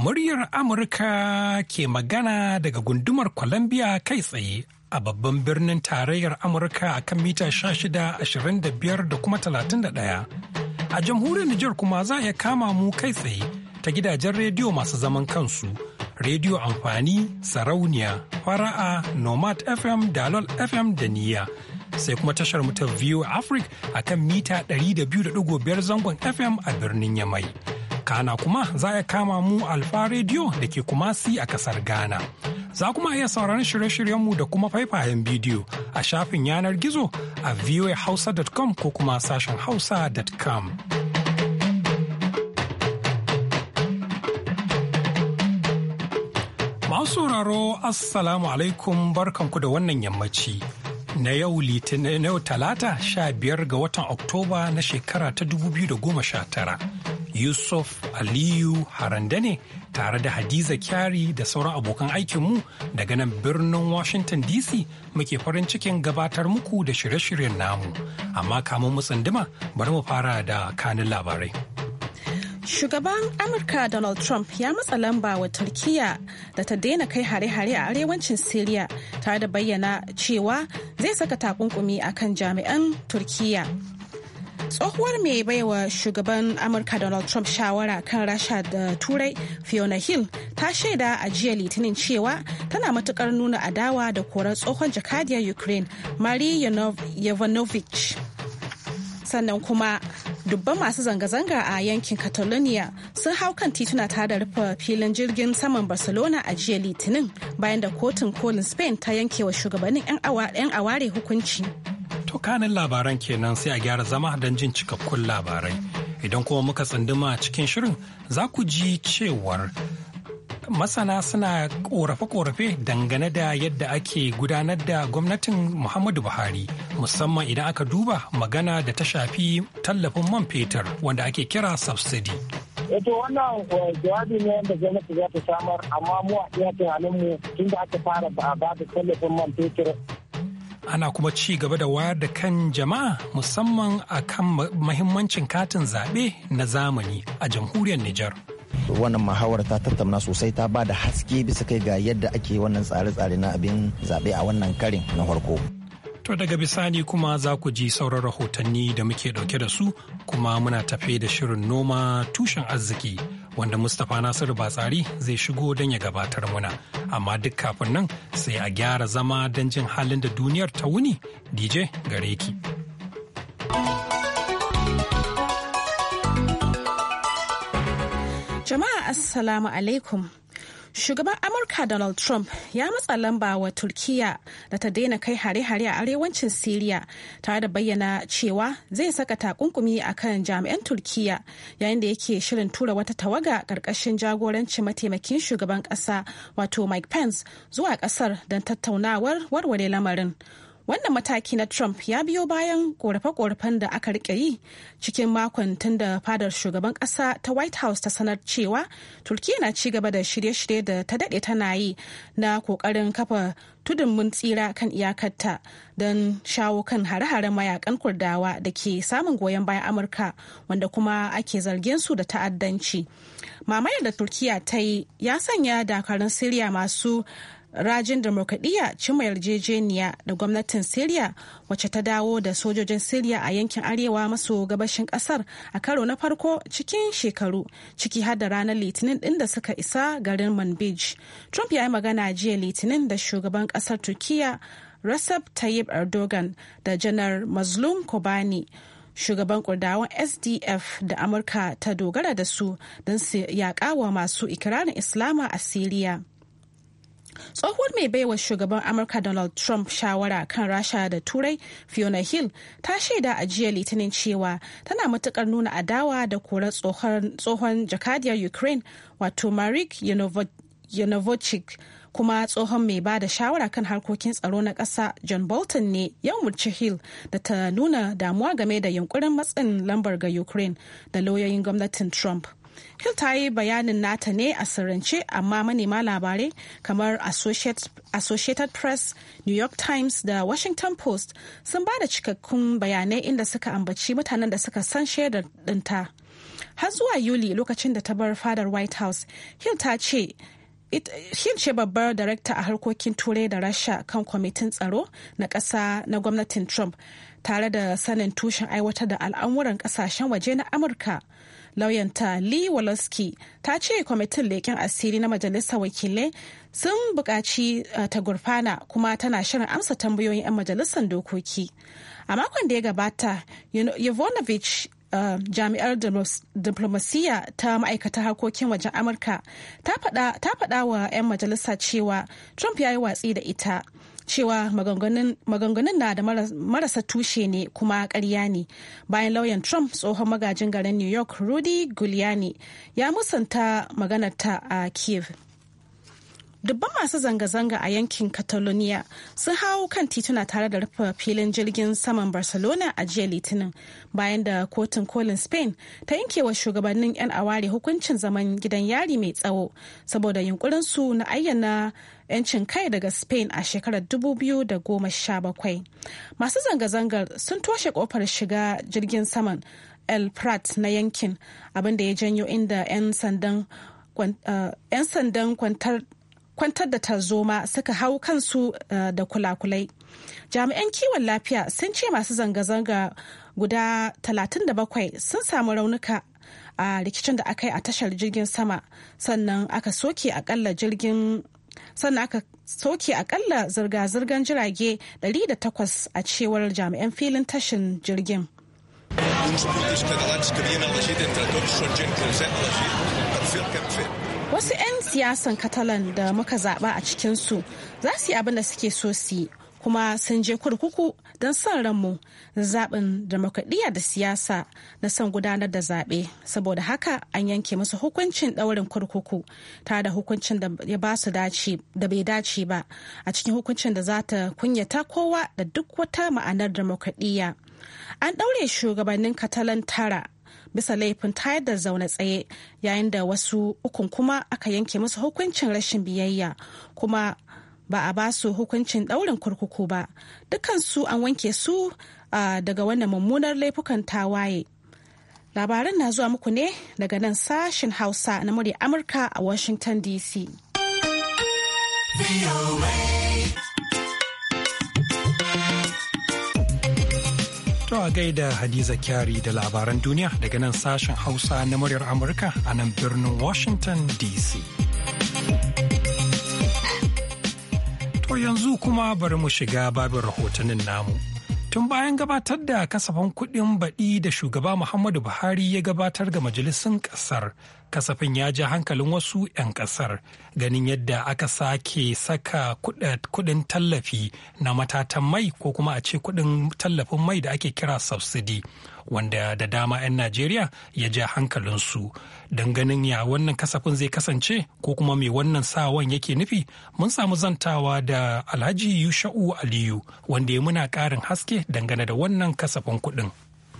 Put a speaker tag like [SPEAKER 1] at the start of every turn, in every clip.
[SPEAKER 1] Muryar Amurka ke magana daga gundumar Columbia kai tsaye a babban birnin tarayyar Amurka a kan mita 1625 da kuma 31. A jamhuriyar Nijar kuma za a kama mu kai tsaye ta gidajen rediyo masu zaman kansu, rediyo amfani, sarauniya, fara'a, nomad FM, dalol FM da niyya. sai kuma tashar mu ta View Africa a kan mita 200.5 zangon FM a birnin Yamai. kana kuma za a kama mu alfa rediyo da ke kumasi a kasar ghana za kuma iya sauraron shirye-shiryenmu da kuma faifayen bidiyo a shafin yanar gizo a voahausa.com ko kuma sashen hausa.com masu sauraro assalamu alaikum barkanku da wannan yammaci na yau talata sha biyar ga watan oktoba na shekara ta 2019 Yusuf Aliyu Haranda ne tare da Hadiza Kyari da sauran abokan aikinmu daga nan birnin Washington DC muke farin cikin gabatar muku da shirye-shiryen namu. Amma kamun mu bari mu fara da kanin labarai.
[SPEAKER 2] Shugaban Amurka Donald Trump ya matsa lamba wa Turkiyya da ta daina kai hare-hare a arewacin Siriya tare da bayyana cewa zai saka takunkumi akan jami'an Turkiyya. tsohuwar mai baiwa shugaban amurka donald trump shawara kan rasha da turai fiona hill ta shaida a jiya litinin cewa tana matukar nuna adawa da korar tsohon jakadiyar ukraine marie yovanovich sannan kuma dubban masu zanga-zanga a yankin catalonia sun hau kan tituna ta da rufe filin jirgin saman barcelona a jiya litinin bayan da kotun kolin spain ta yanke wa shugabannin 'yan aware hukunci.
[SPEAKER 1] To kanin labaran kenan sai a gyara zama don jin cikakkun labarai. Idan kuma muka tsunduma cikin shirin za ku ji cewar masana suna korafe-korafe dangane da yadda ake gudanar da gwamnatin Muhammadu Buhari musamman idan aka duba magana da ta shafi tallafin man fetur wanda ake kira subsidy.
[SPEAKER 3] Eto eh, wannan eh, jawabi ne wanda gwamnati za ta samar amma mu a iya tunaninmu tun da aka fara ba da tallafin man fetur
[SPEAKER 1] ana kuma ci gaba da wayar da kan jama'a musamman a kan mahimmancin katin zaɓe na zamani a jamhuriyar Nijar.
[SPEAKER 4] wannan Mahawar ta tattauna sosai ta ba da haske bisa kai ga yadda ake wannan tsare-tsare na abin zaɓe a wannan karin na farko.
[SPEAKER 1] To daga bisani kuma za ku ji sauran rahotanni da muke ɗauke da su kuma muna tafe da shirin noma tushen arziki. wanda Mustapha Nasiru Batsari zai shigo don ya gabatar muna. Amma duk kafin nan sai a gyara zama don jin halin da duniyar ta wuni DJ gare ki.
[SPEAKER 2] Jama'a Assalamu alaikum. Shugaban Amurka Donald Trump ya matsa lamba wa Turkiyya da ta daina kai hare-hare a arewacin Siriya tare da bayyana cewa zai saka takunkumi a kan jami'an Turkiyya yayin da yake shirin tura wata tawaga ƙarƙashin jagorancin mataimakin shugaban ƙasa wato Mike Pence zuwa ƙasar don tattaunawar warware lamarin. Wannan mataki na Trump ya biyo bayan korafe-korafen da aka rike yi cikin makon tun da fadar shugaban ƙasa ta White House ta sanar cewa Turkiyya na ci gaba da shirye-shirye da ta dade tana yi na kokarin kafa tudun mun tsira kan iyakarta don shawo kan hare-hare mayakan kurdawa da ke samun goyon bayan amurka wanda kuma ake zargin su da ta'addanci mamayar da turkiyya ta yi ya sanya dakarun siriya masu rajin demokradiyya cima yarjejeniya da gwamnatin siriya wacce ta dawo da sojojin siriya a yankin arewa maso gabashin kasar a karo na farko cikin shekaru ciki har da ranar litinin din da suka isa garin manbij trump ya yi magana jiya litinin da shugaban kasar turkiya Recep Tayyip Erdogan da janar Mazlum Kobani shugaban kurdawan SDF da Amurka ta dogara da su don su yaƙa wa masu ikirarin Islama a Siriya. tsohuwar mai baiwa shugaban amurka donald trump shawara kan rasha da turai fiona hill ta shaida a jiya litinin cewa tana matukar nuna adawa da korar tsohon jakadiyar ukraine wato marik yanovochik kuma tsohon mai ba da shawara kan harkokin tsaro na ƙasa john bolton ne ya umarci hill da ta nuna damuwa game da yunkurin matsin lambar ga ukraine da lauyoyin gwamnatin trump Hill ta yi bayanin nata ne a sirrance amma manema labarai kamar Associated Press, New York Times da Washington Post sun ba da cikakkun bayanai inda suka ambaci mutanen da suka san shaidar ɗinta. Har zuwa Yuli lokacin da ta bar fadar White House, Hill ta ce Hill ce babbar darakta a harkokin turai da rasha kan kwamitin tsaro na ƙasa na gwamnatin Trump tare da sanin tushen aiwatar da al'amuran ƙasashen waje na Amurka. lauyanta lee woloski ta ce kwamitin leƙen asiri na majalisar wakilai sun buƙaci uh, ta gurfana kuma tana shirin amsa tambayoyin 'yan majalisar dokoki a makon da ya gabata yovanovich uh, jami'ar diplomasiya ta ma'aikatar harkokin wajen amurka ta faɗa wa 'yan majalisa cewa trump ya yi watsi da ita cewa maganganun na da marasa tushe ne kuma karya ne bayan lauyan trump tsohon magajin garin new york rudy giuliani ya musanta maganarta a kiev dubban masu zanga-zanga a yankin catalonia sun hau kan tituna tare da rufe filin jirgin saman barcelona a jiya litinin bayan da kotun kolin spain ta yanke wa shugabannin 'yan aware hukuncin zaman gidan yari mai tsawo saboda su na ayyana 'yancin kai daga spain a shekarar 2017 masu zanga-zangar sun toshe kofar shiga jirgin saman el prat na yankin abinda ya janyo inda 'yan sandan eh, kwantar kwantar da tarzoma suka hau kansu eh, da kulakulai jami'an kiwon lafiya sun ce masu zanga-zanga guda 37 sun samu raunuka a rikicin da aka yi a tashar jirgin sama sannan aka soke akalla jirgin sannan aka soke akalla zirga-zirgar jirage 108 a cewar jami'an filin tashin jirgin.
[SPEAKER 5] Uns catalans que havien elegit entre tots són gent que els hem elegit per fer el que hem fet.
[SPEAKER 2] wasu 'yan siyasan catalan da muka zaba a cikinsu za su yi abin da suke so su yi kuma sun je kurkuku don son ranmu zaɓin demokradiyya da siyasa na son gudanar da zaɓe saboda haka an yanke musu hukuncin ɗaurin kurkuku ta da hukuncin da ya ba su da bai dace ba a cikin hukuncin da za ta kunyata kowa da duk wata ma'anar demokradiyya an ɗaure shugabannin katalan tara bisa laifin tayar da zaune tsaye yayin da wasu ukun kuma aka yanke musu hukuncin rashin biyayya kuma ba a ba su hukuncin daurin kurkuku ba dukansu an wanke su daga wannan mummunar laifukan tawaye labaran na zuwa muku ne daga nan sashen hausa na murya amurka a washington dc
[SPEAKER 1] To a gaida Hadiza Kyari da labaran duniya daga nan sashen Hausa na muryar Amurka a nan birnin Washington DC. To yanzu kuma bari mu shiga babin rahotannin namu. Tun bayan gabatar da kasafin kuɗin baɗi da shugaba Muhammadu Buhari ya gabatar ga majalisun ƙasar kasafin ya ja hankalin wasu 'yan kasar ganin yadda aka sake saka kudin tallafi na matatan mai ko kuma a ce kudin tallafin mai da ake kira subsidy wanda da dama 'yan najeriya ya ja hankalinsu don ganin ya wannan kasafin zai kasance ko kuma mai wannan sawan yake nufi mun samu zantawa da alhaji yusha'u aliyu wanda ya muna karin haske dangane da wannan kasafin kudin.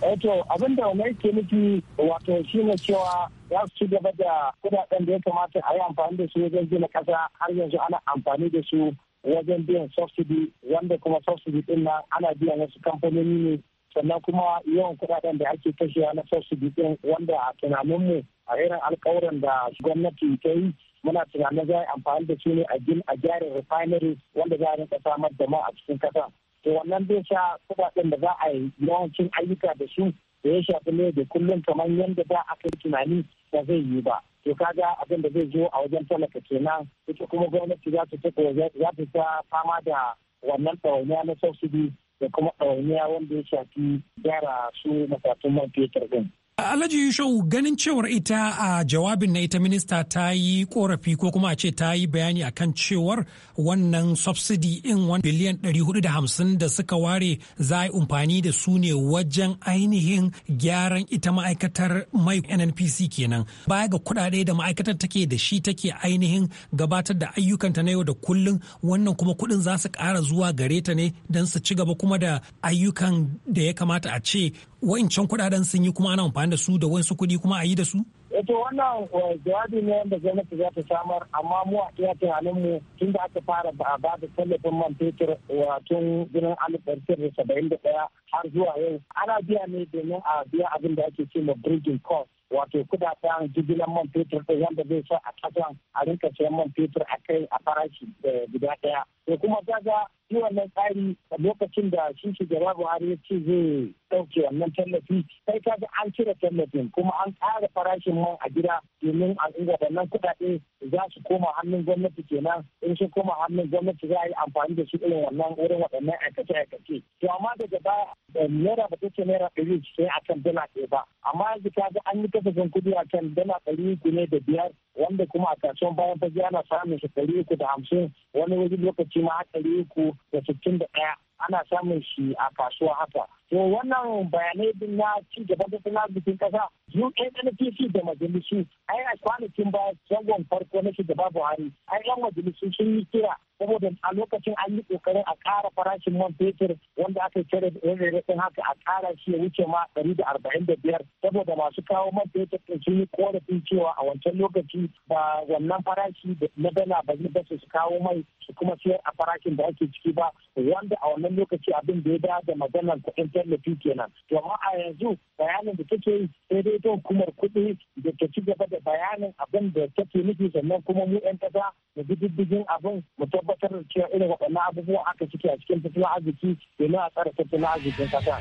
[SPEAKER 3] Eh, to abin da wani ke nufi wato shi ne cewa za su ci gaba da kudaden da ya kamata a yi amfani da su wajen gina kasa har yanzu ana amfani da su wajen biyan subsidy wanda kuma subsidy din nan ana biyan wasu kamfanoni ne sannan kuma yawan kudaden da ake kashewa na subsidy din wanda a tunaninmu a irin alkawuran da gwamnati ta yi muna tunanin za a amfani da su ne a gyara refinery wanda za a rinka samar da ma a cikin kasa to wannan bai sa kudaden da za a yi yawancin ayyuka da su da ya shafi ne da kullum kamar yadda za a kai tunani ba zai yi ba to kaga abin da zai zo a wajen talaka kenan ita kuma gwamnati za ta za ta ta fama da wannan ɗawainiya na subsidy da kuma ɗawainiya wanda ya shafi gyara su matatun man fetur ɗin.
[SPEAKER 1] Alhaji Yushau ganin cewar ita a jawabin na ita minista ta yi korafi ko kuma a ce ta yi bayani akan cewar wannan subsidy in wani biliyan 450 da suka ware za a yi amfani da su ne wajen ainihin gyaran ita ma'aikatar mai NNPC kenan. Baya ga kuɗaɗe da ma'aikatar take da shi take ainihin gabatar da ayyukanta na yau da kullum wannan kuma kuɗin za su ƙara zuwa gare ta ne don su ci gaba kuma da ayyukan da ya kamata a ce Wancan kudaden sun yi kuma ana amfani da su da wasu kudi kuma a yi da su?
[SPEAKER 3] Eto eh, wannan eh, jawabi ne wanda gwamnati za ta samar amma mu a iya tunanin mu tun da aka fara ba a ba da tallafin man fetur eh, tun ginin alif da saba'in da ɗaya har zuwa yau ana biya ne domin a biya abin da ake ce ma bridging cost wato kudaden jigilan man fetur ɗin yadda zai sa a ƙasan a rinka sayan man fetur a kai a farashi guda ɗaya. To kuma gaga shi wannan tsari lokacin da shi shugaba buhari ya ce zai ɗauke wannan tallafi sai ka ga an cire tallafin kuma an ƙara farashin man a gida domin al'umma wannan kuɗaɗe za su koma hannun gwamnati kenan in sun koma hannun gwamnati za a yi amfani da su irin wannan wurin waɗannan aikace-aikace to amma daga baya naira ba ta ce naira ɗari sai kan dala ɗaya ba amma yanzu ka ga an yi tafafin kuɗi akan dala ɗari ne da biyar wanda kuma a kasuwan bayan fage ana samun shekaru uku da hamsin wani wajen lokaci ma har uku da sittin da ɗaya ana samun shi a kasuwa haka to wannan bayanai din na ci gaba da suna bikin kasa UNNPC da majalisu ai a kwanakin baya zangon farko na shugaba Buhari ai yan majalisu sun yi kira saboda a lokacin an yi kokarin a ƙara farashin man fetur wanda aka cire rarrakin haka a ƙara shi ya wuce ma ɗari da arba'in da biyar saboda masu kawo man fetur ɗin sun yi korafin cewa a wancan lokaci ba wannan farashi na dala ba zai ba su kawo mai su kuma siyar a farashin da ake ciki ba wanda a wannan lokaci abin da ya da maganar kuɗin tallafi kenan to amma a yanzu bayanin da take yi sai dai ta hukumar kuɗi da ta ci gaba da bayanin abin da take nufi sannan kuma mu yan kasa da diddigin abin mu tabbatar da cewa irin waɗannan abubuwa aka ciki a cikin tattalin arziki domin a tsara tattalin arzikin kasa.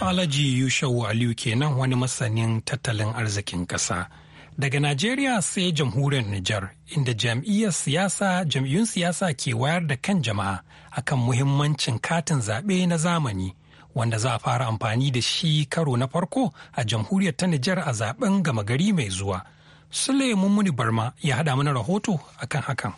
[SPEAKER 1] Alhaji Yushau Aliyu kenan wani masanin tattalin arzikin ƙasa. Daga Najeriya sai jamhuriyar Nijar, inda jam'iyyar siyasa, jam'iyyun siyasa ke wayar da kan jama'a akan muhimmancin katin zaɓe na zamani wanda za a fara amfani da shi karo na farko a jamhuriyar ta Nijar a zaben gama gari mai zuwa. Sule Mummuni Barma ya haɗa mana rahoto akan hakan.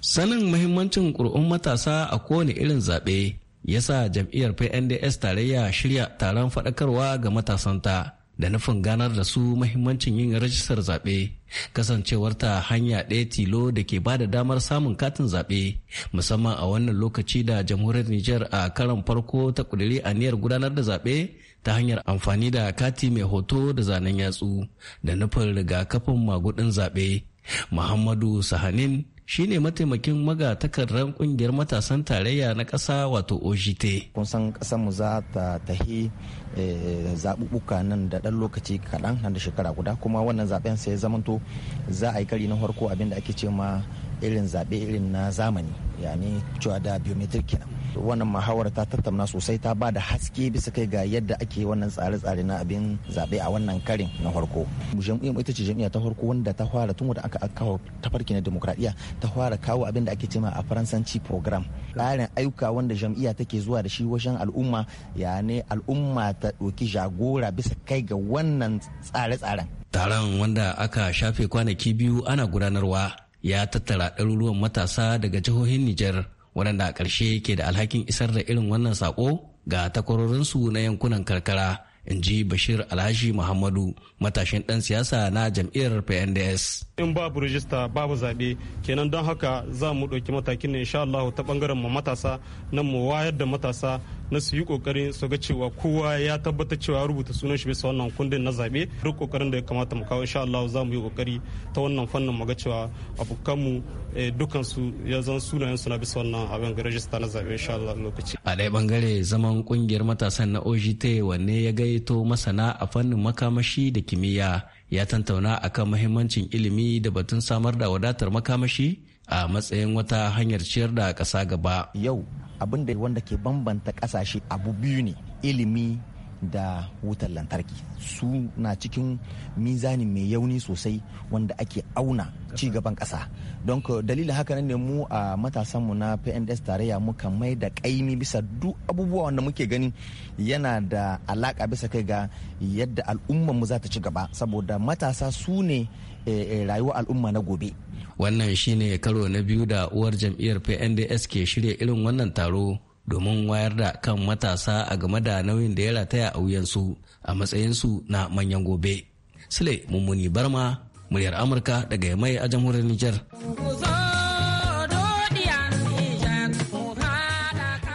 [SPEAKER 6] Sanin muhimmancin ƙuri'un matasa a kowane irin zaɓe ya sa jam'iyyar PNDS tarayya shirya taron faɗakarwa ga matasanta. da nufin ganar da su mahimmancin yin rajistar zaɓe kasancewar ta hanya ɗaya tilo da ke ba da damar samun katin zaɓe musamman a wannan lokaci da jamhuriyar Nijar a karan farko ta ƙudiri aniyar gudanar da zaɓe ta hanyar amfani da kati mai hoto da zanen yatsu da nufin rigakafin magudin zaɓe Muhammadu Sahanin shine mataimakin magatakarren kungiyar matasan tarayya na ƙasa wato OJT.
[SPEAKER 4] Kun san ƙasar mu za ta tahi eh, zaɓuɓɓuka nan da ɗan lokaci kaɗan nan da shekara guda kuma wannan zaɓen sai zamanto za a yi kari na farko da ake ce ma irin zaɓe irin na zamani yani cewa da biometric kenan wannan muhawara ta tattauna sosai ta ba da haske bisa kai ga yadda ake wannan tsare-tsare na abin zabe a wannan karin na farko jam'iyyar ita ce jam'iyya ta farko wanda ta fara tun da aka kawo tafarki na demokradiya ta fara kawo abin da ake cema a faransanci program tsarin ayyuka wanda jam'iyya take zuwa da shi wajen al'umma ya ne al'umma ta doki jagora bisa kai ga wannan tsare-tsaren
[SPEAKER 6] taron wanda aka shafe kwanaki biyu ana gudanarwa ya tattara ɗaruruwan matasa daga jihohin Nijar waɗanda a ƙarshe ke da alhakin isar da irin wannan sako ga takwarorinsu na yankunan karkara in ji bashir alhaji muhammadu matashin ɗan siyasa na jam'iyyar pnds in babu rijista babu zaɓe kenan don haka za mu ɗauki matakin ne insha allahu ta ɓangaren mu matasa nan mu wayar da matasa na su yi kokarin su ga cewa kowa ya tabbatar cewa rubuta sunan shi bisa wannan kundin na zabe duk kokarin da ya kamata mu kawo insha Allah za mu yi kokari ta wannan fannin mu ga cewa abokanmu eh, dukan su ya zan sunayen su na bisa wannan abin ga rajista na zabe insha Allah lokaci a ɗaya bangare zaman kungiyar matasan na OGT wanne ya gaito masana a fannin makamashi da kimiyya ya tantauna akan mahimmancin ilimi da batun samar da wadatar makamashi a matsayin wata hanyar ciyar da ƙasa gaba. Yau abin da
[SPEAKER 4] wanda ke bambanta ƙasashe abu biyu ne ilimi da wutar lantarki su na cikin mizani mai yauni sosai wanda ake auna ci gaban ƙasa don dalilin haka ne mu a matasanmu na pns tarayya muka mai da ƙaimi bisa duk abubuwa wanda muke gani yana da alaƙa bisa kai ga yadda al'ummanmu za ta ci gaba saboda matasa su ne eh, eh, rayuwar al'umma na gobe
[SPEAKER 6] wannan shine karo na biyu da uwar jam'iyyar pnds ke shirya irin wannan taro domin wayar da kan matasa a game da nauyin da ya rataya a wuyansu a matsayinsu na manyan gobe sule mummuni barma muryar amurka daga mai a jamhuriyar nijar.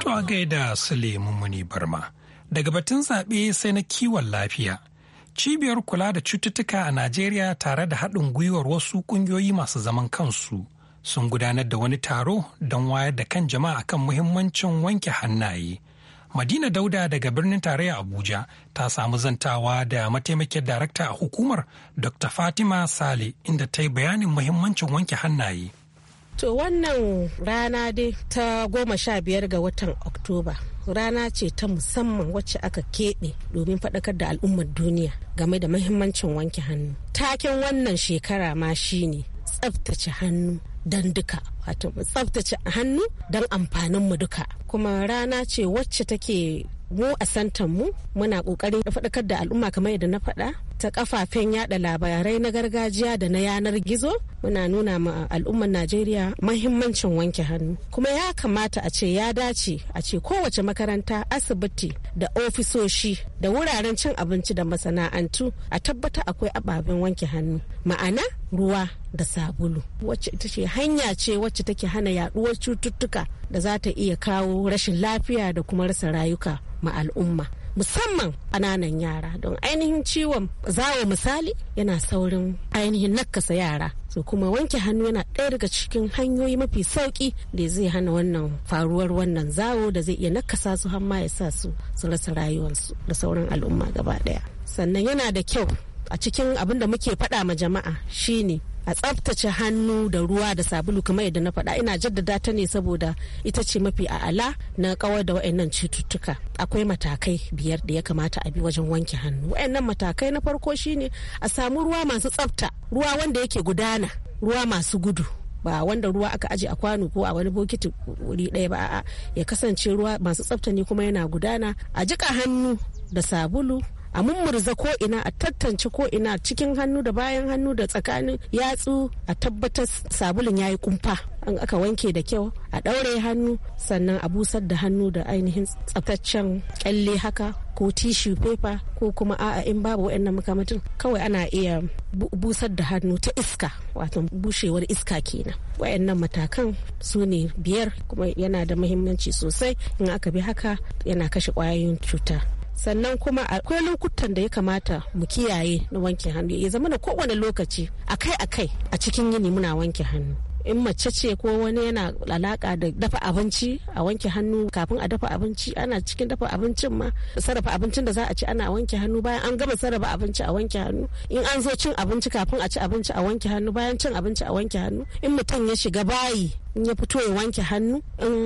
[SPEAKER 1] to a gaida sule mummuni barma daga batun zaɓe sai na kiwon lafiya Cibiyar kula da cututtuka a Najeriya tare da haɗin gwiwar wasu ƙungiyoyi masu zaman kansu sun gudanar da wani taro don wayar da kan jama'a kan muhimmancin wanke hannaye. Madina Dauda daga birnin tarayya Abuja ta samu zantawa da mataimakin darakta a hukumar Dr. Fatima Sale inda ta yi bayanin muhimmancin wanke hannaye.
[SPEAKER 7] To wannan rana dai ta goma sha biyar ga watan Oktoba. rana ce ta musamman wacce aka keɓe domin faɗakar da al'ummar duniya game da mahimmancin wanke hannu. Taken wannan shekara ma shine tsabtace hannu don duka wato tsaftace hannu don amfanin mu duka kuma rana ce wacce take mu a santan mu muna kokarin faɗakar da al'umma kamar yadda na faɗa ta kafafen yada labarai na gargajiya da na yanar gizo muna nuna ma al'ummar najeriya mahimmancin wanke hannu kuma ya kamata a ce ya dace a ce kowace makaranta asibiti da ofisoshi da wuraren cin abinci da masana'antu a tabbata akwai ababen wanke hannu ma'ana ruwa da sabulu wacce ita ce hanya ce wacce take hana yaduwar cututtuka da za ta iya kawo rashin lafiya da kuma rasa rayuka ma al'umma musamman ƙananan yara don ainihin ciwon zawo misali yana saurin ainihin nakasa yara so kuma wanke hannu yana ɗaya daga cikin hanyoyi mafi sauki da zai hana wannan faruwar wannan zawo da zai iya nakasa su har ya sa su su rasa rayuwarsu da sauran al'umma gaba ɗaya sannan yana da kyau a cikin abin da muke faɗa ma jama'a shine a tsaftace hannu da ruwa da sabulu kamar yadda na faɗa ina jaddada ta ne saboda ita ce mafi a'ala na kawar da wa'annan cututtuka akwai matakai biyar da ya kamata a bi wajen wanke hannu wa'annan matakai na farko shine a samu ruwa masu tsafta ruwa wanda yake gudana ruwa masu gudu ba wanda ruwa aka aje a kwano ko a wani bokiti wuri ɗaya ba a'a ya kasance ruwa masu tsafta ne kuma yana gudana a jika hannu da sabulu a mummurza ko ina a tattance ko ina cikin hannu da bayan hannu da tsakanin yatsu a tabbatar sabulun ya yi kumfa an aka wanke da kyau a ɗaure hannu sannan a busar da hannu da ainihin tsaftaccen kyalle haka ko tishu paper ko kuma a'a in babu waɗannan makamatin kawai ana iya busar da hannu ta iska wato bushewar iska kenan waɗannan matakan su ne biyar kuma yana da muhimmanci sosai in aka bi haka yana kashe kwayoyin cuta sannan kuma akwai lokutan da ya kamata mu kiyaye na wanke hannu ya zama na kowane lokaci akai akai a cikin yini muna wanke hannu in mace ce ko wani yana alaka da dafa abinci a wanke hannu kafin a dafa abinci ana cikin dafa abincin ma sarrafa abincin da za a ci ana wanke hannu bayan an gama sarrafa abinci a wanke hannu in an zo cin abinci kafin a ci abinci a wanke hannu bayan cin abinci a wanke hannu in mutum ya shiga bayi in ya fito ya wanke hannu in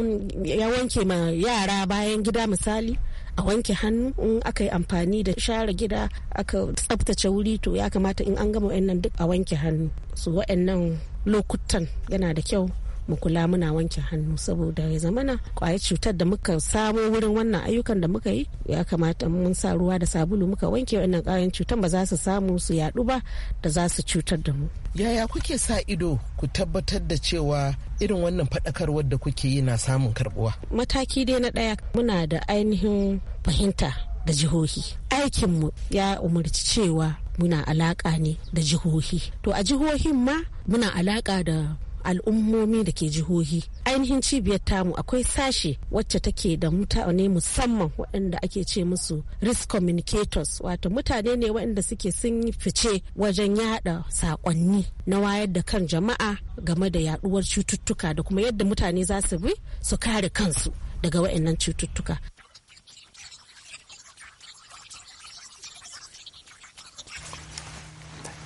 [SPEAKER 7] ya wanke ma yara bayan gida misali a wanke hannu in aka yi amfani da share gida aka tsaftace wuri to ya kamata in an gama wa'annan duk a wanke hannu su wa'annan lokutan yana da kyau mu kula muna wanke hannu saboda ya zamana kwayar cutar da muka samo wurin wannan ayyukan da muka yi ya kamata mun sa ruwa da sabulu muka wanke wannan kayan cutar ba za su samu su yadu ba da za su cutar da mu yaya kuke sa ido ku
[SPEAKER 4] tabbatar da cewa irin wannan faɗakarwar da kuke yi na samun karbuwa
[SPEAKER 7] mataki dai na ɗaya muna da ainihin fahimta da jihohi aikinmu ya umarci cewa muna alaƙa ne da jihohi to a jihohin ma muna alaka da al'ummomi da ke jihohi ainihin cibiyar tamu akwai sashe wacce take da mutane musamman waɗanda ake ce musu risk communicators wato mutane ne waɗanda suke sun fice wajen yada saƙonni na wayar da kan jama'a game da yaduwar cututtuka da kuma yadda mutane za su bi su kare kansu daga waɗannan
[SPEAKER 1] cututtuka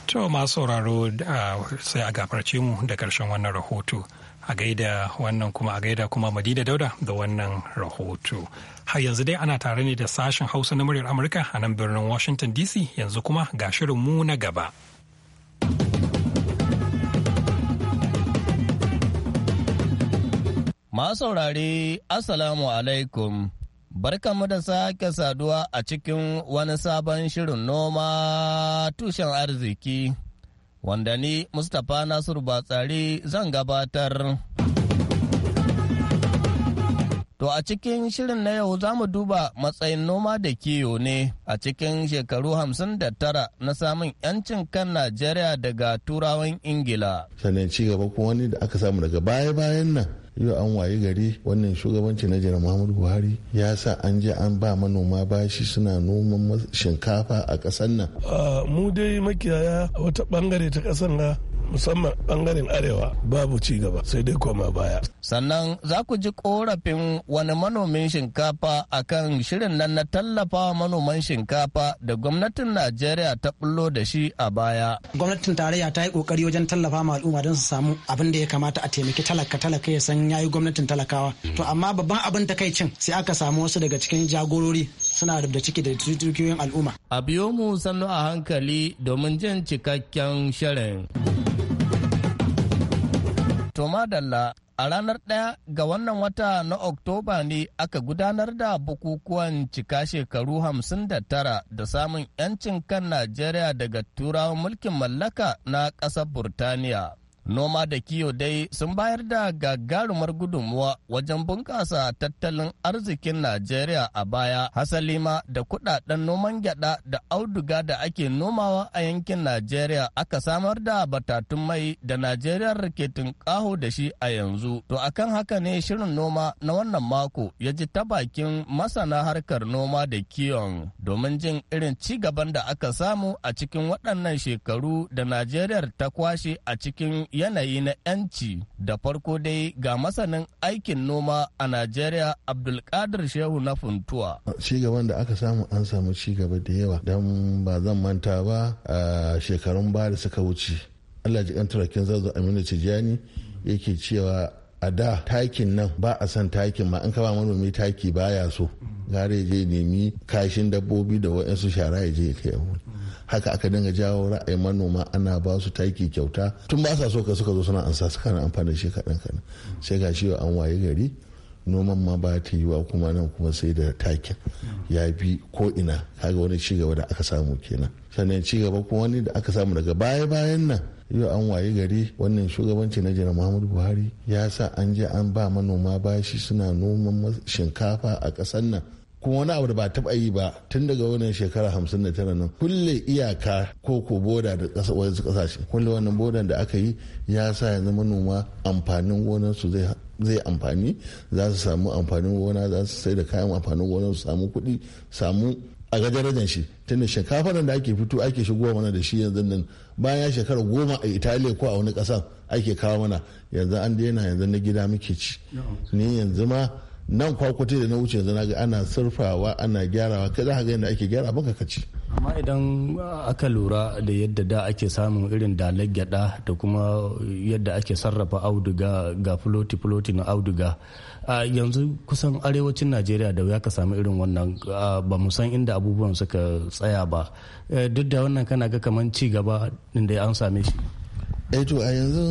[SPEAKER 1] To masu sauraro sai a gafarce mu da ƙarshen wannan rahoto. A gaida wannan kuma a gaida kuma Madina Dauda da wannan rahoto. Har yanzu dai ana tare ne da sashen Hausa na muryar Amurka a nan birnin Washington DC yanzu kuma ga shirin mu na gaba.
[SPEAKER 8] Masu saurare, Assalamu alaikum. Barkanmu da sake saduwa a cikin wani sabon shirin noma tushen arziki, wanda ni Mustapha Nasiru Batsari zan gabatar. To a cikin shirin na yau za mu duba matsayin noma da kiyo ne a cikin shekaru tara na samun 'yancin kan Najeriya daga turawan Ingila.
[SPEAKER 9] Sannan ci gaba kuma wani da aka samu daga baya-bayan nan yau an wayi gari wannan shugabanci na jiran muhammadu buhari ya sa an je an ba manoma bashi suna noman shinkafa a ƙasar nan
[SPEAKER 5] ah, mu dai makiyaya a wata bangare ta ƙasar ga. musamman bangaren arewa babu ci gaba sai dai koma baya. Sannan za ku ji korafin wani manomin
[SPEAKER 8] shinkafa akan shirin nan na tallafa manoman shinkafa da gwamnatin Najeriya ta bullo da shi a baya.
[SPEAKER 10] Gwamnatin tarayya ta yi kokari wajen tallafa ma al'umma don su samu abin da ya kamata a taimaki talaka talaka ya san yayi gwamnatin talakawa. To amma babban abin cin, sai aka samu wasu daga cikin jagorori suna da ciki da tutukiyoyin al'umma.
[SPEAKER 8] A biyo mu sannu a hankali domin jin cikakken shirin. wato madalla a ranar ɗaya ga wannan wata na Oktoba ne aka gudanar da bukukuwan cika shekaru hamsin da tara da samun 'yancin kan Najeriya daga turawan mulkin mallaka na ƙasar Burtaniya. Noma da kiyo dai sun bayar da gagarumar gudunmuwa wajen bunƙasa tattalin arzikin Najeriya a baya, hasalima da kudaden noman gyada da auduga da ake nomawa a yankin Najeriya aka samar da batatun mai da Najeriya ke tunkaho da shi a yanzu. To akan haka ne shirin noma na wannan mako ya ji ta bakin masana harkar noma da kiyon domin jin irin ci gaban da aka samu a cikin waɗannan shekaru da Najeriya ta kwashe a cikin yanayi na 'yanci da farko dai ga masanin aikin noma a najeriya abdulkadir shehu na funtuwa
[SPEAKER 9] cigaban da aka samu an samu cigaba da yawa don ba zan manta ba a shekarun baya da suka wuce allah ji kan turakin zazu aminu tijjani yake cewa a da takin nan ba a son takin ma an kaba manomi taki baya so gare je nemi kashin dabbobi da waɗansu shara ya je ya kai haka aka dinga jawo ra'ayin manoma ana ba su taki kyauta tun ba sa so ka suka zo suna ansa su kana amfani shi kaɗan kaɗan sai ga shi an waye gari noman ma ba ta yiwa kuma nan kuma sai da takin ya bi ko ina kaga wani cigaba da aka samu kenan sannan cigaba kuma wani da aka samu daga baya bayan nan yau an waye gari wannan shugabanci na jira muhammadu buhari ya sa an je an ba manoma bashi suna noman shinkafa a ƙasar nan kuma wani abu da ba taba yi ba tun daga wannan shekara hamsin da tara nan kulle iyaka ko ko boda da ƙasa wasu ƙasashe kulle wannan bodan da aka yi ya sa yanzu manoma amfanin su zai zai amfani za su samu amfanin gona za su sai da kayan amfanin gona su samu kuɗi samu a ga darajar shi tunda shinkafa da ake fito ake shigowa mana da shi yanzu nan bayan shekara goma a italiya ko a wani ƙasan ake kawo mana yanzu an daina yanzu na gida muke ci ni yanzu ma nan kwakwate da na wuce yanzu ga ana surfawa ana gyarawa kai za ka ga yadda ake gyara baka ka ci
[SPEAKER 8] amma idan aka lura da yadda da ake samun irin dalar gyada da kuma yadda ake sarrafa auduga ga filoti floti na auduga a yanzu kusan arewacin najeriya da ya ka samu irin wannan ba mu san inda abubuwan suka tsaya ba eh, duk da wannan kana ga kamar ci gaba inda an same shi
[SPEAKER 9] eh to a yanzu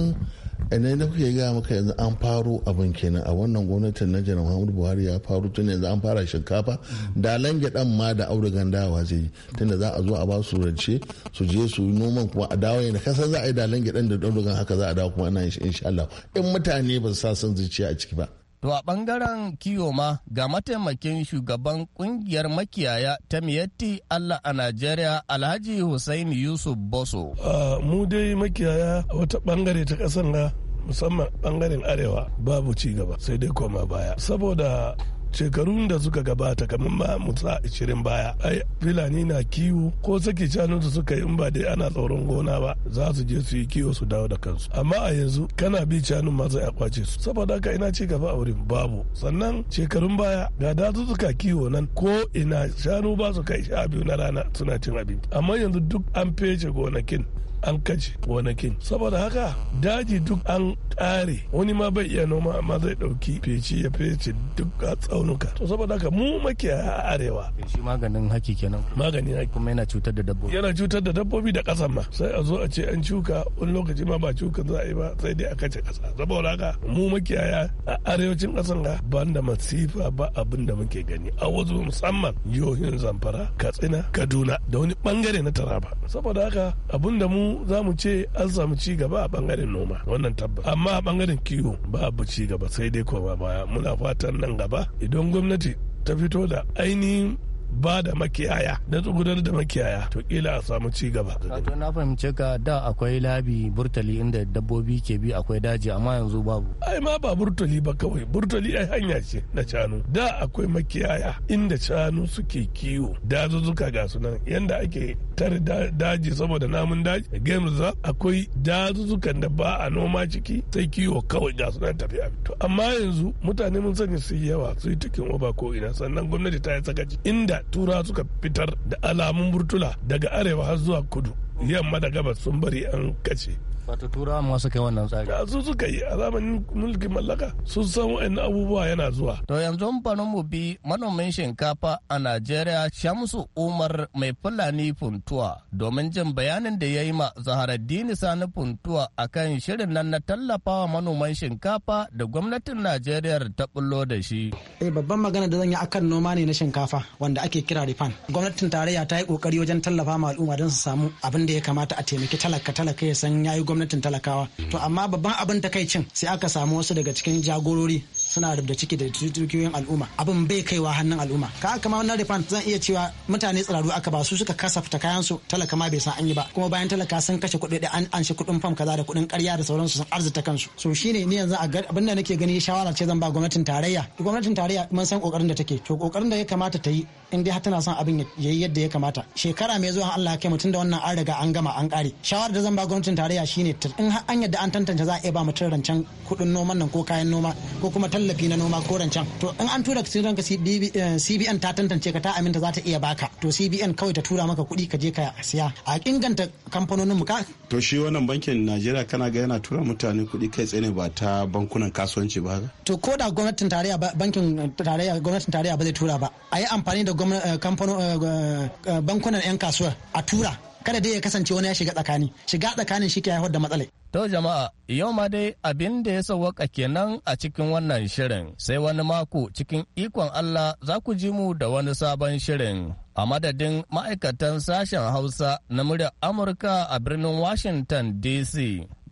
[SPEAKER 9] idan da kuke gaya maka yanzu an faro abin kenan a wannan gwamnatin na janar muhammadu buhari ya faru tun yanzu an fara shinkafa da lange dan ma da audugan dawa zai yi tunda za a zo a ba su rance su je su yi noman kuma a dawo yana kasan za a yi da lange dan da audugan haka za a dawo kuma ana yin insha Allah in mutane ba su sa son zuciya a ciki ba
[SPEAKER 8] To a ɓangaren kiwo ga mataimakin shugaban ƙungiyar makiyaya ta miyatti Allah a Najeriya Alhaji Hussein Yusuf Boso.
[SPEAKER 5] mu dai makiyaya wata ɓangare ta ƙasar na musamman ɓangaren arewa babu ci gaba sai dai koma baya. Saboda shekarun da suka gabata kamar ma musa ishirin baya ai filani na kiwo ko saki shanu da suka yi in ba dai ana tsoron gona ba za su je su yi kiwo su dawo da kansu amma a yanzu kana bi shanun ma sai a kwace su saboda haka ina ci gaba a wurin babu sannan shekarun baya ga suka kiwo nan ko ina shanu ba su kai sha biyu na rana suna cin abinci amma yanzu duk an fece gonakin an kaji gonakin saboda haka daji duk an kare wani ma bai iya noma amma zai ɗauki feci ya feci duk a tsaunuka to saboda haka mu makiyaya a arewa shi maganin haki kenan maganin haki kuma yana cutar da dabbobi yana cutar da dabbobi da ƙasan ma sai a zo a ce an cuka wani lokaci ma ba cukan za a yi ba sai dai a kace kasa saboda haka mu makiyaya a arewacin ƙasan ga banda da masifa ba abin da muke gani a wasu musamman yohin zamfara katsina kaduna da wani bangare na taraba saboda haka abin da mu za mu ce an samu ci gaba a bangaren noma wannan tabbas amma a bangaren kiwo babu ci gaba sai dai kowa baya muna fatan nan gaba idan gwamnati ta fito da ainihin ba da makiyaya da tsugudar da makiyaya to kila a samu ci gaba.
[SPEAKER 8] to na fahimce ka da akwai labi burtali inda dabbobi ke bi akwai daji
[SPEAKER 5] amma yanzu babu. Ai ma ba burtali ba kawai burtali ai hanya ce na canu da akwai makiyaya inda canu suke kiwo dazuzzuka ga su nan yanda ake tare daji saboda namun daji game za akwai dazuzzukan da ba a noma ciki sai kiwo kawai ga suna nan tafiya to amma yanzu mutane mun sani su yawa su yi tukin oba ko ina sannan gwamnati ta yi sakaci inda tura suka fitar da alamun burtula daga arewa har zuwa kudu yamma da gabas sun bari an kace wato turawa ma suka yi wannan tsari ya su suka yi a zamanin mulkin mallaka sun san wa'annan abubuwa yana zuwa to
[SPEAKER 8] yanzu bari mu bi manomin shinkafa a Najeriya Shamsu Umar mai Fulani Funtuwa domin jin bayanin da ya yi ma Zaharaddini Sani Funtuwa kan shirin nan na tallafawa
[SPEAKER 10] manoman shinkafa da gwamnatin Najeriya ta bullo da shi eh babban magana da zan yi akan noma ne na shinkafa wanda ake kira rifan gwamnatin tarayya ta yi kokari wajen tallafa ma al'umma don su samu abin da ya kamata a taimaki talaka talaka ya san yayi gwamnatin talakawa to amma babban abin takaicin sai aka samu wasu daga cikin jagorori suna da ciki da dukiyoyin al'umma abin bai kaiwa hannun al'umma ka kama wannan refund zan iya cewa mutane tsiraru aka ba su suka kasafta kayan su talaka ma bai san an yi ba kuma bayan talaka sun kashe kuɗi da an anshi kuɗin fam kaza da kuɗin ƙarya da sauransu sun arzuta kansu so shine ni yanzu abin da nake gani shawara ce zan ba gwamnatin tarayya gwamnatin tarayya mun san kokarin da take to kokarin da ya kamata ta yi in dai har tana son abin ya yi yadda ya kamata shekara mai zuwa Allah ya kai mutum da wannan an riga an gama an kare shawara da zan ba gwamnatin tarayya shine in har an yadda an tantance za a iya ba mutum rancen kuɗin noman nan ko kayan noma ko kuma tallafi na noma ko rancen to in an tura sai ranka CBN eh, ta tantance ka ta aminta za ta iya baka to CBN kawai ta tura maka kuɗi ka je ka siya
[SPEAKER 9] a inganta kamfanonin mu ka to shi wannan bankin Najeriya kana ga yana tura mutane kuɗi kai tsaye ne ba ta bankunan kasuwanci ba
[SPEAKER 10] to ko da gwamnatin tarayya bankin tarayya gwamnatin tarayya ba zai tura ba a yi amfani da eh, eh, bankunan 'yan kasuwar a tura kada dai ya kasance wani ya shiga tsakani shiga tsakanin shi ke haifar da matsalai
[SPEAKER 8] to jama'a yau ma dai abin da ya sauwaka kenan a cikin wannan shirin sai wani mako cikin ikon Allah za ku ji mu da wani sabon shirin a madadin ma'aikatan sashen hausa na murya amurka a birnin washington dc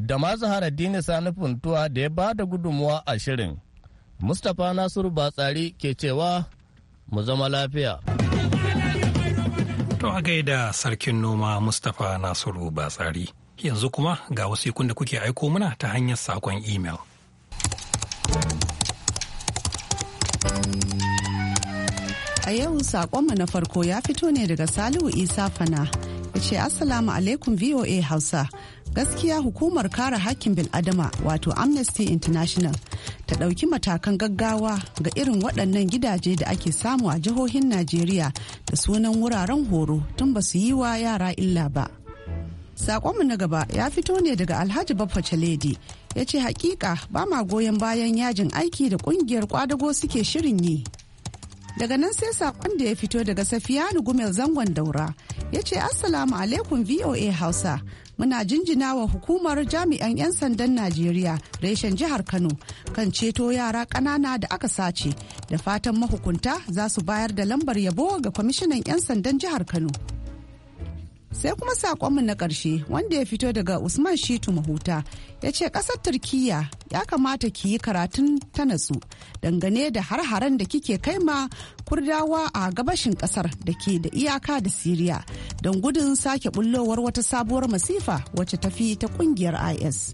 [SPEAKER 8] da ma zahara dini sanufin tuwa da ya ba da gudunmuwa a shirin mustapha nasiru batsari ke cewa
[SPEAKER 1] mu zama lafiya. To a gaida sarkin noma Mustapha Nasiru Batsari. Yanzu kuma ga wasikun da kuke aiko muna ta hanyar sakon imel.
[SPEAKER 11] A yau sakonmu na farko ya fito ne daga Salihu Isa Fana. Ya ce Assalamu alaikum VOA Hausa. gaskiya hukumar kare hakkin bil'adama wato amnesty international ta ɗauki matakan gaggawa ga irin waɗannan gidaje da ake samu a jihohin najeriya da sunan wuraren horo tun ba su yi wa yara illa ba saƙonmu na gaba ya fito ne daga Alhaji Baffa Chaledi ya ce hakika ba ma goyon bayan yajin aiki da ƙungiyar kwadago suke shirin yi daga nan sai sakon da ya fito daga safiyanu gumel zangon daura ya ce assalamu alaikum voa hausa muna jinjina wa hukumar jami'an 'yan sandan najeriya reshen jihar kano kan ceto yara ƙanana da aka sace da fatan mahukunta za su bayar da lambar yabo ga kwamishinan 'yan sandan jihar kano sai kuma sakonmu na ƙarshe wanda ya fito daga usman shitu mahuta ya ce ƙasar turkiya ya kamata ki yi karatun ta natsu dangane da har-haren da kike kai ma kurdawa a gabashin ƙasar da ke da iyaka da siriya don gudun sake bullowar wata sabuwar masifa wacce tafi ta kungiyar is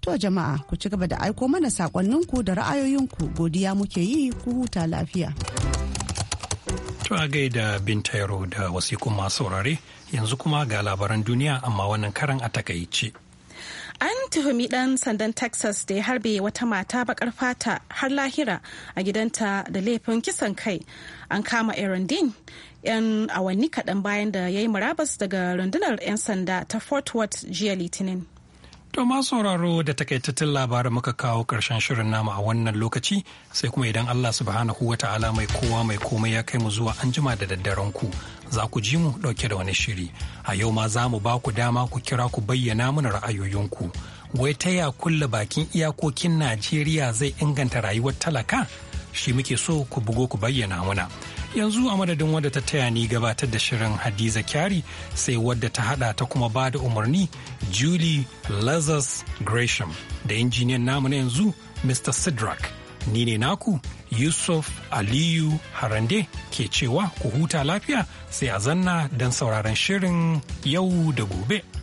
[SPEAKER 11] to jama'a ku ci gaba da aiko mana sakonninku da ra'ayoyinku godiya muke yi ku huta lafiya.
[SPEAKER 1] To a gaida tayaro da wasikun masu saurare yanzu kuma ga labaran duniya amma wannan karan a takaice.
[SPEAKER 2] An tuhumi ɗan sandan Texas da ya harbe wata mata bakar fata har lahira a gidanta da laifin kisan kai. An kama Aaron Dean 'yan awanni kaɗan bayan da ya yi murabas daga rundunar 'yan sanda ta Fort Worth jiya Litinin.
[SPEAKER 1] To ma sauraro da takaitattun labarin muka kawo ƙarshen shirin namu a wannan lokaci sai kuma idan Allah subhanahu wa ta'ala mai kowa mai komai ya kai mu zuwa an jima da daddaren ku za ku ji mu ɗauke da wani shiri. A yau ma za mu ba ku dama ku kira ku bayyana mana ra'ayoyinku. Wai ta ya kulle bakin iyakokin Najeriya zai inganta rayuwar talaka? Shi muke so ku bugo ku bayyana muna. yanzu a madadin wadda ta taya ni gabatar da shirin hadiza kyari sai wadda ta hada ta kuma ba da umarni julie lazarus gresham da injiniyan namu na yanzu mr sidrak ni ne naku yusuf aliyu harande ke cewa ku huta lafiya sai a zanna don sauraron shirin yau da gobe.